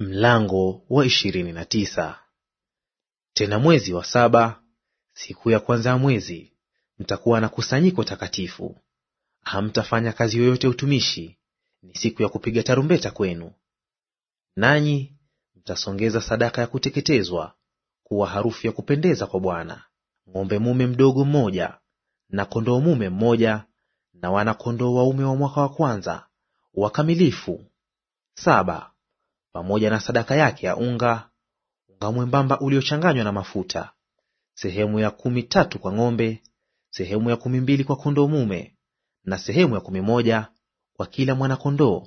Mlango wa ishirini na tisa. Tena mwezi wa saba siku ya kwanza ya mwezi mtakuwa na kusanyiko takatifu, hamtafanya kazi yoyote utumishi; ni siku ya kupiga tarumbeta kwenu. Nanyi mtasongeza sadaka ya kuteketezwa kuwa harufu ya kupendeza kwa Bwana, ng'ombe mume mdogo mmoja na kondoo mume mmoja na wana-kondoo waume wa mwaka wa kwanza wakamilifu saba pamoja na sadaka yake ya unga, unga mwembamba uliochanganywa na mafuta, sehemu ya kumi tatu kwa ng'ombe, sehemu ya kumi mbili kwa kondoo mume, na sehemu ya kumi moja kwa kila mwana-kondoo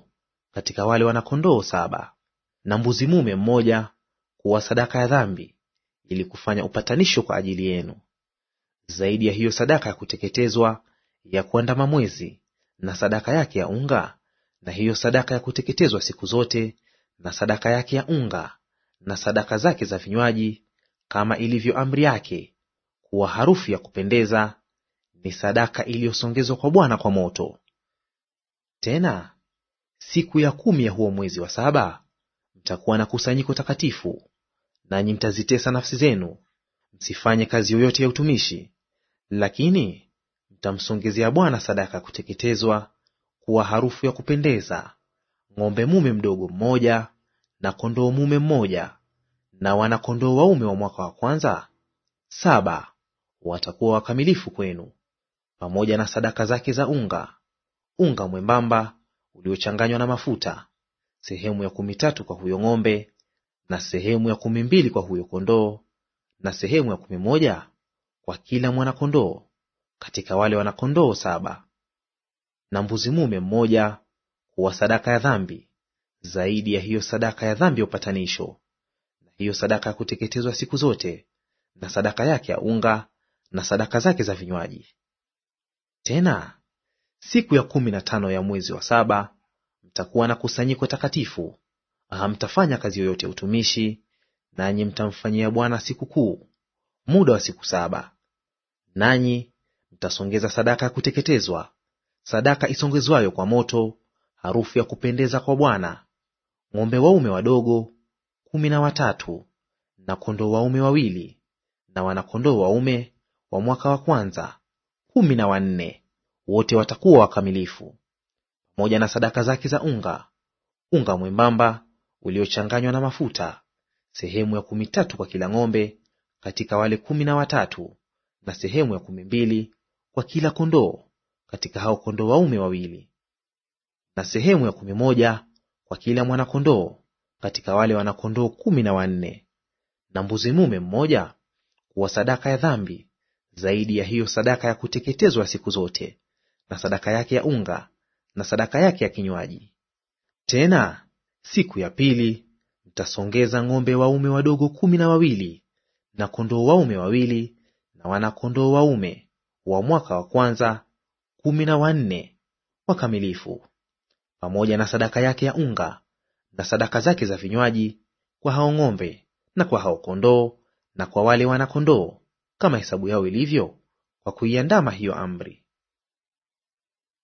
katika wale wana-kondoo saba, na mbuzi mume mmoja kuwa sadaka ya dhambi, ili kufanya upatanisho kwa ajili yenu. Zaidi ya hiyo sadaka ya kuteketezwa ya kuandama mwezi na sadaka yake ya unga na hiyo sadaka ya kuteketezwa siku zote na sadaka yake ya unga na sadaka zake za vinywaji, kama ilivyo amri yake, kuwa harufu ya kupendeza; ni sadaka iliyosongezwa kwa Bwana kwa moto. Tena siku ya kumi ya huo mwezi wa saba mtakuwa na kusanyiko takatifu, nanyi mtazitesa nafsi zenu, msifanye kazi yoyote ya utumishi, lakini mtamsongezea Bwana sadaka ya kuteketezwa kuwa harufu ya kupendeza, ng'ombe mume mdogo mmoja na kondoo mume mmoja na wanakondoo waume wa mwaka wa kwanza saba watakuwa wakamilifu kwenu, pamoja na sadaka zake za unga, unga mwembamba uliochanganywa na mafuta, sehemu ya kumi tatu kwa huyo ng'ombe, na sehemu ya kumi mbili kwa huyo kondoo, na sehemu ya kumi moja kwa kila mwana-kondoo katika wale wanakondoo saba, na mbuzi mume mmoja wa sadaka ya dhambi zaidi ya hiyo sadaka ya dhambi ya upatanisho, na hiyo sadaka ya kuteketezwa siku zote, na sadaka yake ya unga, na sadaka zake za vinywaji. Tena siku ya kumi na tano ya mwezi wa saba mtakuwa na kusanyiko takatifu, hamtafanya kazi yoyote ya utumishi, nanyi mtamfanyia Bwana sikukuu muda wa siku saba. Nanyi mtasongeza sadaka ya kuteketezwa, sadaka isongezwayo kwa moto harufu ya kupendeza kwa Bwana, ng'ombe waume wadogo kumi na watatu na kondoo waume wawili na wanakondoo waume wa mwaka wa kwanza kumi na wanne, wote watakuwa wakamilifu, pamoja na sadaka zake za unga, unga mwembamba uliochanganywa na mafuta, sehemu ya kumi tatu kwa kila ng'ombe katika wale kumi na watatu, na sehemu ya kumi mbili kwa kila kondoo katika hao kondoo waume wawili na sehemu ya kumi moja kwa kila mwana-kondoo katika wale wanakondoo kumi na wanne, na mbuzi mume mmoja kuwa sadaka ya dhambi zaidi ya hiyo sadaka ya kuteketezwa siku zote, na sadaka yake ya unga na sadaka yake ya kinywaji. Tena siku ya pili mtasongeza ng'ombe waume wadogo kumi na wawili na kondoo waume wawili na wanakondoo waume wa mwaka wa kwanza kumi na wanne wakamilifu pamoja na sadaka yake ya unga na sadaka zake za vinywaji kwa hao ng'ombe na kwa hao kondoo na kwa wale wana-kondoo kama hesabu yao ilivyo, kwa kuiandama hiyo amri.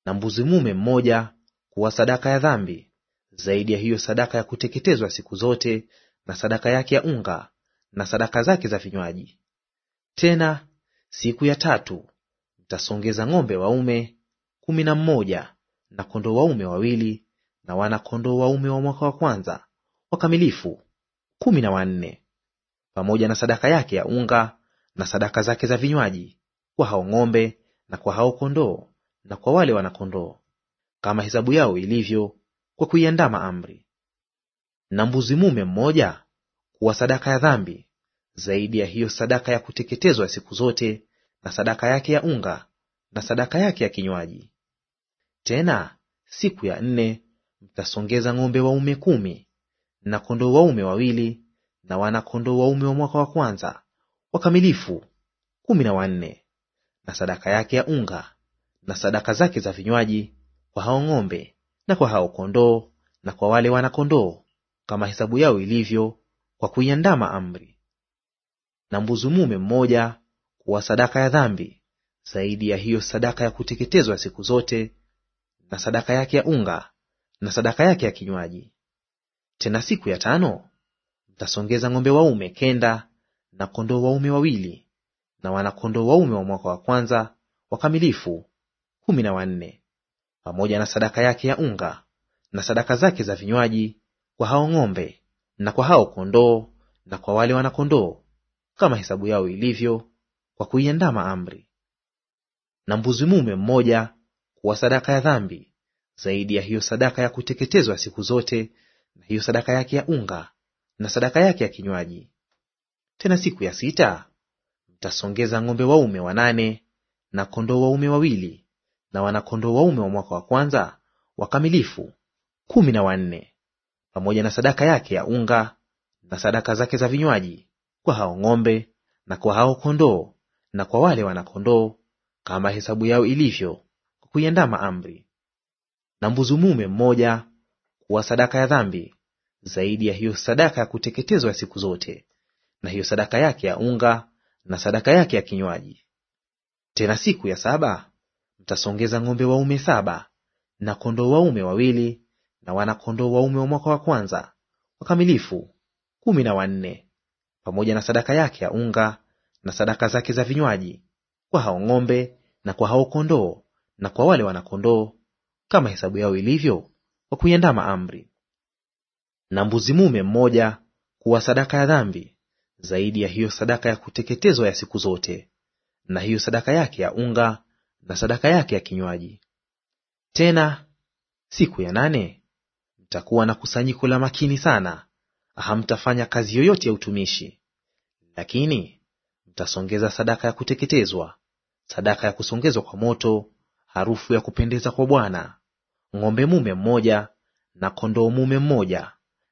Na mbuzi mume mmoja kuwa sadaka ya dhambi, zaidi ya hiyo sadaka ya kuteketezwa siku zote, na sadaka yake ya unga na sadaka zake za vinywaji. Tena siku ya tatu mtasongeza ng'ombe waume kumi na mmoja na kondoo waume wawili na wana-kondoo waume wa mwaka wa kwanza wakamilifu kumi na wanne, pamoja na sadaka yake ya unga na sadaka zake za vinywaji kwa hao ng'ombe na kwa hao kondoo na kwa wale wana-kondoo, kama hesabu yao ilivyo kwa kuiandama amri; na mbuzi mume mmoja kuwa sadaka ya dhambi, zaidi ya hiyo sadaka ya kuteketezwa ya siku zote, na sadaka yake ya unga na sadaka yake ya kinywaji. Tena siku ya nne mtasongeza ng'ombe waume kumi na kondoo waume wawili na wana-kondoo waume wa mwaka wa kwanza wakamilifu kumi na wanne, na sadaka yake ya unga na sadaka zake za vinywaji kwa hao ng'ombe na kwa hao kondoo na kwa wale wana-kondoo kama hesabu yao ilivyo, kwa kuiandama amri; na mbuzi mume mmoja kuwa sadaka ya dhambi, zaidi ya hiyo sadaka ya kuteketezwa siku zote na sadaka yake ya unga na sadaka yake ya kinywaji. Tena siku ya tano mtasongeza ng'ombe waume kenda na kondoo waume wawili na wanakondoo waume wa mwaka wa kwanza wakamilifu kumi na wanne pamoja na sadaka yake ya unga na sadaka zake za vinywaji kwa hao ng'ombe na kwa hao kondoo na kwa wale wanakondoo kama hesabu yao ilivyo, kwa kuiandama amri. Na mbuzi mume mmoja kuwa sadaka ya dhambi zaidi ya hiyo sadaka ya kuteketezwa siku zote, na hiyo sadaka yake ya unga na sadaka yake ya kinywaji. Tena siku ya sita mtasongeza ng'ombe waume wanane na kondoo waume wawili na wanakondoo waume wa mwaka wa kwanza wakamilifu kumi na wanne pamoja na sadaka yake ya unga na sadaka zake za vinywaji kwa hao ng'ombe na kwa hao kondoo na kwa wale wanakondoo kama hesabu yao ilivyo kuiandama amri, na mbuzi mume mmoja kuwa sadaka ya dhambi zaidi ya hiyo sadaka ya kuteketezwa ya siku zote, na hiyo sadaka yake ya unga na sadaka yake ya kinywaji. Tena siku ya saba mtasongeza ng'ombe waume saba na kondoo waume wawili na wanakondoo waume wa mwaka wa kwanza wakamilifu kumi na wanne, pamoja na sadaka yake ya unga na sadaka zake za vinywaji, kwa hao ng'ombe na kwa hao kondoo na kwa wale wanakondoo kama hesabu yao ilivyo kwa kuiandama amri, na mbuzi mume mmoja kuwa sadaka ya dhambi zaidi ya hiyo sadaka ya kuteketezwa ya siku zote, na hiyo sadaka yake ya unga na sadaka yake ya kinywaji. Tena siku ya nane mtakuwa na kusanyiko la makini sana, hamtafanya kazi yoyote ya utumishi, lakini mtasongeza sadaka ya kuteketezwa, sadaka ya kusongezwa kwa moto harufu ya kupendeza kwa Bwana, ng'ombe mume mmoja na kondoo mume mmoja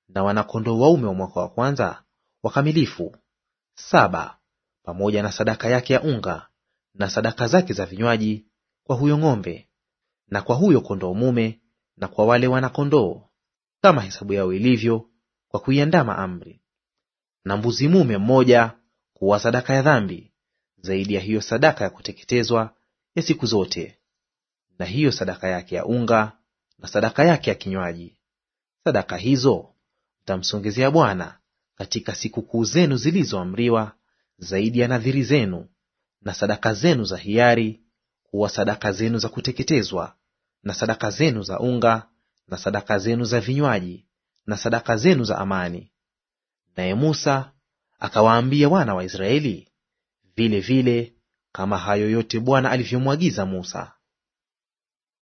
na wanakondoo waume wa mwaka wa kwanza wakamilifu saba, pamoja na sadaka yake ya unga na sadaka zake za vinywaji kwa huyo ng'ombe na kwa huyo kondoo mume na kwa wale wanakondoo kama hesabu yao ilivyo, kwa kuiandama amri; na mbuzi mume mmoja kuwa sadaka ya dhambi, zaidi ya hiyo sadaka ya kuteketezwa ya siku zote na hiyo sadaka yake ya unga na sadaka yake ya kinywaji. Sadaka hizo mtamsongezea Bwana katika sikukuu zenu zilizoamriwa, zaidi ya nadhiri zenu na sadaka zenu za hiari, kuwa sadaka zenu za kuteketezwa na sadaka zenu za unga na sadaka zenu za vinywaji na sadaka zenu za amani. Naye Musa akawaambia wana wa Israeli vile vile kama hayo yote Bwana alivyomwagiza Musa.